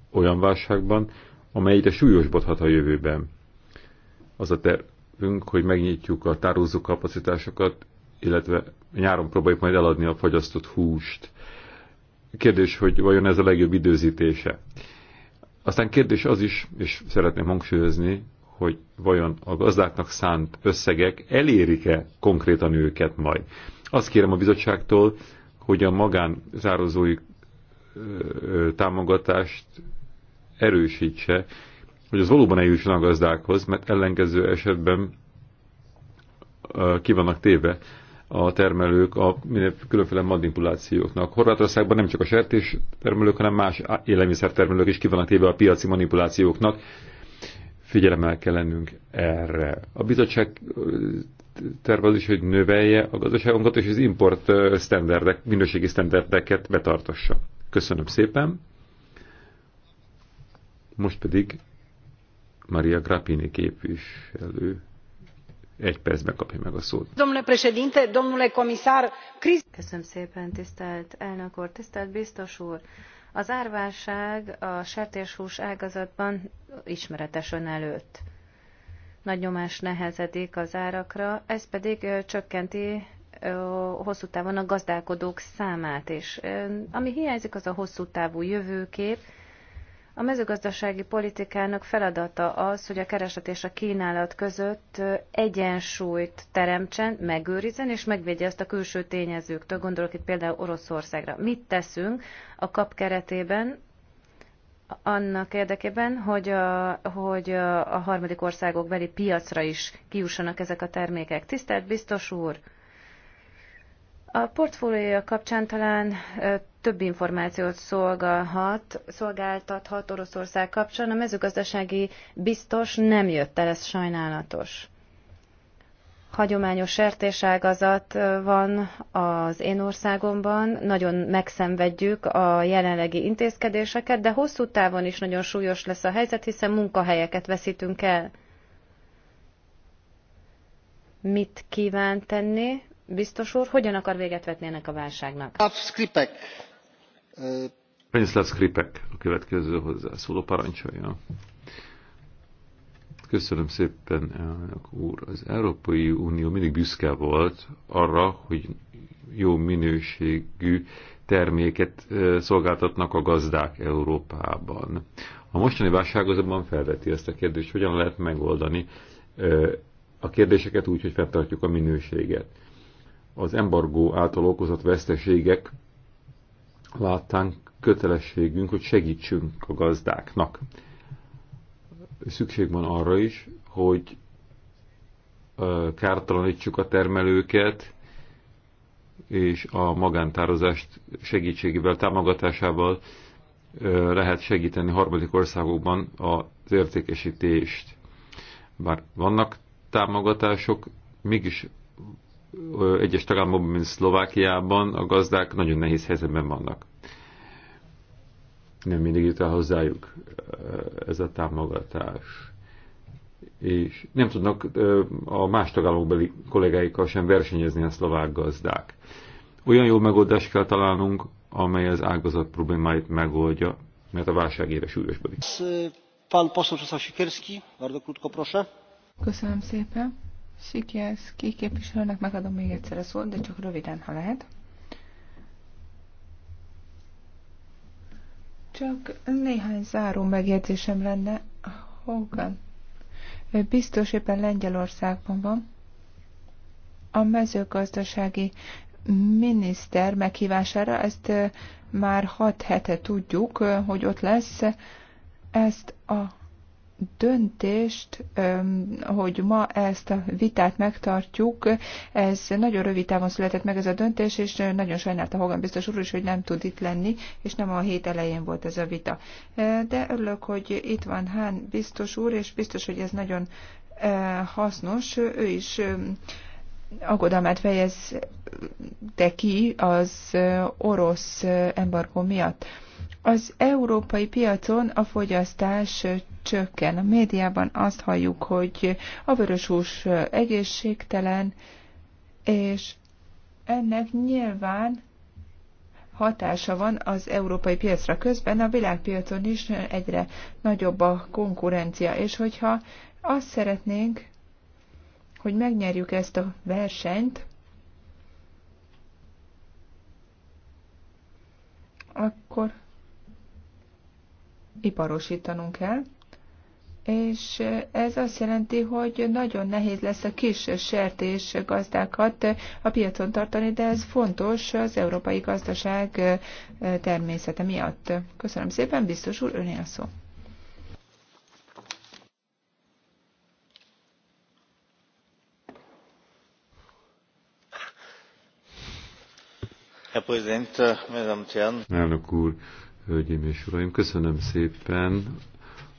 Olyan válságban, amely egyre súlyosbodhat a jövőben. Az a tervünk, hogy megnyitjuk a tározó kapacitásokat, illetve nyáron próbáljuk majd eladni a fagyasztott húst. Kérdés, hogy vajon ez a legjobb időzítése aztán kérdés az is, és szeretném hangsúlyozni, hogy vajon a gazdáknak szánt összegek elérik-e konkrétan őket majd. Azt kérem a bizottságtól, hogy a magán zározói támogatást erősítse, hogy az valóban eljusson a gazdákhoz, mert ellenkező esetben ki vannak téve a termelők a különféle manipulációknak. Horvátországban nem csak a sertés termelők, hanem más élelmiszertermelők is kivannak téve a piaci manipulációknak. Figyelemmel kell lennünk erre. A bizottság terv az is, hogy növelje a gazdaságunkat, és az import standardek, minőségi standardeket betartassa. Köszönöm szépen. Most pedig Maria Grappini képviselő. Egy percben kapja meg a szót. Domnule președinte, domnule comisar, Kriz... Köszönöm szépen, tisztelt elnök úr, tisztelt biztos úr. Az árválság a sertéshús ágazatban ismeretes ön előtt. Nagy nyomás nehezedik az árakra, ez pedig csökkenti hosszú távon a gazdálkodók számát is. Ami hiányzik, az a hosszú távú jövőkép, a mezőgazdasági politikának feladata az, hogy a kereslet és a kínálat között egyensúlyt teremtsen, megőrizzen és megvédje azt a külső tényezőktől. Gondolok itt például Oroszországra. Mit teszünk a kap keretében, annak érdekében, hogy a, hogy a harmadik országok beli piacra is kiussanak ezek a termékek. Tisztelt biztos úr! A portfóliója kapcsán talán több információt szolgálhat, szolgáltathat Oroszország kapcsán. A mezőgazdasági biztos nem jött el, ez sajnálatos. Hagyományos sertéságazat van az én országomban, nagyon megszenvedjük a jelenlegi intézkedéseket, de hosszú távon is nagyon súlyos lesz a helyzet, hiszen munkahelyeket veszítünk el. Mit kíván tenni? Biztos úr, hogyan akar véget vetni ennek a válságnak? Skripek Peniszláv Skripek a következő hozzászóló parancsolja. Köszönöm szépen, elnök úr. Az Európai Unió mindig büszke volt arra, hogy jó minőségű terméket szolgáltatnak a gazdák Európában. A mostani válság azonban felveti ezt a kérdést, hogyan lehet megoldani a kérdéseket úgy, hogy fenntartjuk a minőséget. Az embargó által okozott veszteségek láttánk kötelességünk, hogy segítsünk a gazdáknak. Szükség van arra is, hogy kártalanítsuk a termelőket, és a magántározást segítségével, támogatásával lehet segíteni harmadik országokban az értékesítést. Bár vannak támogatások, mégis egyes tagállamokban, mint Szlovákiában a gazdák nagyon nehéz helyzetben vannak. Nem mindig jut el hozzájuk ez a támogatás. És nem tudnak a más tagállamokbeli kollégáikkal sem versenyezni a szlovák gazdák. Olyan jó megoldást kell találnunk, amely az ágazat problémáit megoldja, mert a válság éves súlyosbodik. Pán poseł Czesław proszę. Köszönöm szépen. Szikiászki képviselőnek megadom még egyszer a szót, de csak röviden, ha lehet. Csak néhány záró megjegyzésem lenne. Hogan. Ő biztos éppen Lengyelországban van. A mezőgazdasági miniszter meghívására, ezt már hat hete tudjuk, hogy ott lesz, ezt a döntést, hogy ma ezt a vitát megtartjuk, ez nagyon rövid távon született meg ez a döntés, és nagyon sajnálta Hogan biztos úr is, hogy nem tud itt lenni, és nem a hét elején volt ez a vita. De örülök, hogy itt van Hán biztos úr, és biztos, hogy ez nagyon hasznos. Ő is aggodalmát fejezte ki az orosz embargó miatt az európai piacon a fogyasztás csökken. A médiában azt halljuk, hogy a vöröshús egészségtelen, és ennek nyilván hatása van az európai piacra. Közben a világpiacon is egyre nagyobb a konkurencia, és hogyha azt szeretnénk, hogy megnyerjük ezt a versenyt, akkor iparosítanunk kell, és ez azt jelenti, hogy nagyon nehéz lesz a kis sertés gazdákat a piacon tartani, de ez fontos az európai gazdaság természete miatt. Köszönöm szépen, biztos úr, öné a szó. Elnök úr, Hölgyeim és Uraim, köszönöm szépen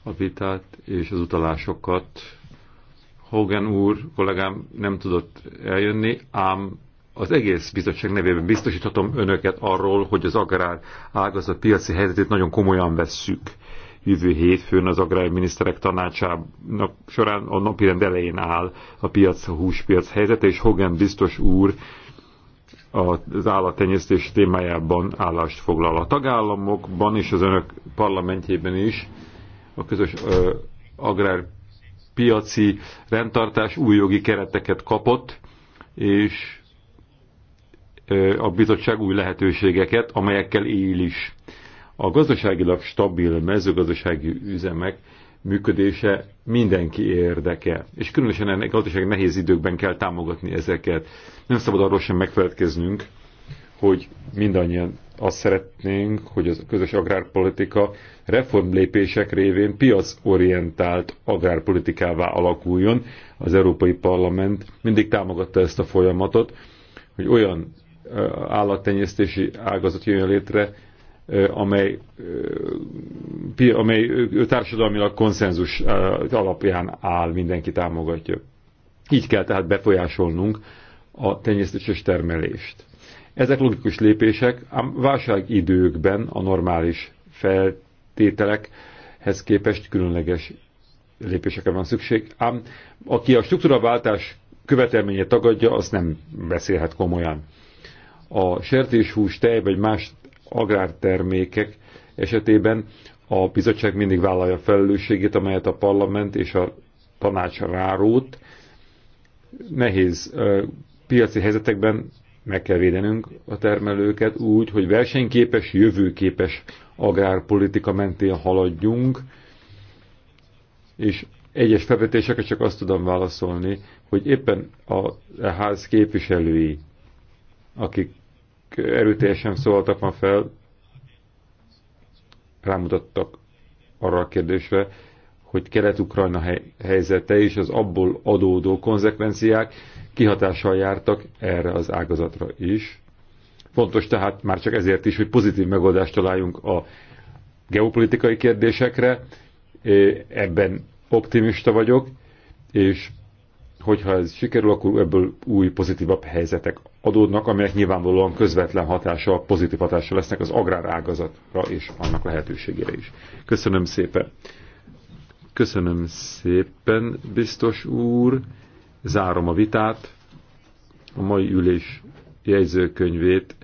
a vitát és az utalásokat. Hogan úr, kollégám nem tudott eljönni, ám az egész bizottság nevében biztosíthatom önöket arról, hogy az agrár ágazat piaci helyzetét nagyon komolyan vesszük. Jövő hétfőn az agrárminiszterek tanácsának során a napirend elején áll a piac, a húspiac helyzete, és Hogan biztos úr az állattenyésztés témájában állást foglal. A tagállamokban és az önök parlamentjében is a közös ö, agrárpiaci rendtartás új jogi kereteket kapott, és ö, a bizottság új lehetőségeket, amelyekkel él is. A gazdaságilag stabil mezőgazdasági üzemek működése mindenki érdeke. És különösen ennek gazdaság nehéz időkben kell támogatni ezeket. Nem szabad arról sem megfeledkeznünk, hogy mindannyian azt szeretnénk, hogy a közös agrárpolitika reformlépések révén piacorientált agrárpolitikává alakuljon. Az Európai Parlament mindig támogatta ezt a folyamatot, hogy olyan állattenyésztési ágazat jön létre, amely, amely társadalmilag konszenzus alapján áll, mindenki támogatja. Így kell tehát befolyásolnunk a tenyésztéses termelést. Ezek logikus lépések, ám válságidőkben a normális feltételekhez képest különleges lépésekre van szükség, ám aki a struktúraváltás követelményét tagadja, az nem beszélhet komolyan. A sertéshús, tej vagy más agrártermékek esetében a bizottság mindig vállalja a felelősségét, amelyet a parlament és a tanács rárót. Nehéz piaci helyzetekben meg kell védenünk a termelőket úgy, hogy versenyképes, jövőképes agrárpolitika mentén haladjunk, és egyes felvetéseket csak azt tudom válaszolni, hogy éppen a ház képviselői, akik erőteljesen szólaltak ma fel, rámutattak arra a kérdésre, hogy Kelet-Ukrajna helyzete és az abból adódó konzekvenciák kihatással jártak erre az ágazatra is. Fontos tehát már csak ezért is, hogy pozitív megoldást találjunk a geopolitikai kérdésekre. Ebben optimista vagyok, és hogyha ez sikerül, akkor ebből új pozitívabb helyzetek adódnak, amelyek nyilvánvalóan közvetlen hatása, pozitív hatása lesznek az agrárágazatra és annak lehetőségére is. Köszönöm szépen. Köszönöm szépen, biztos úr. Zárom a vitát. A mai ülés jegyzőkönyvét